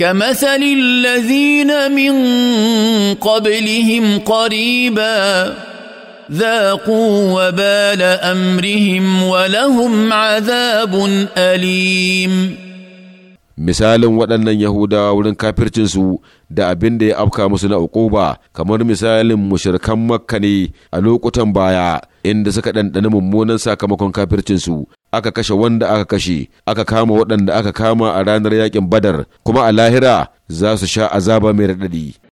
كمثل الذين من قبلهم قريبا ذاقوا وبال امرهم ولهم عذاب اليم misalin waɗannan Yahudawa wurin kafircinsu da abin da ya afka musu na uquba kamar misalin mushrikan makka ne a lokutan baya inda suka ɗanɗani mummunan sakamakon kafircinsu aka kashe wanda aka kashe aka kama waɗanda aka kama a ranar yakin badar kuma a lahira za su sha azaba mai raɗaɗi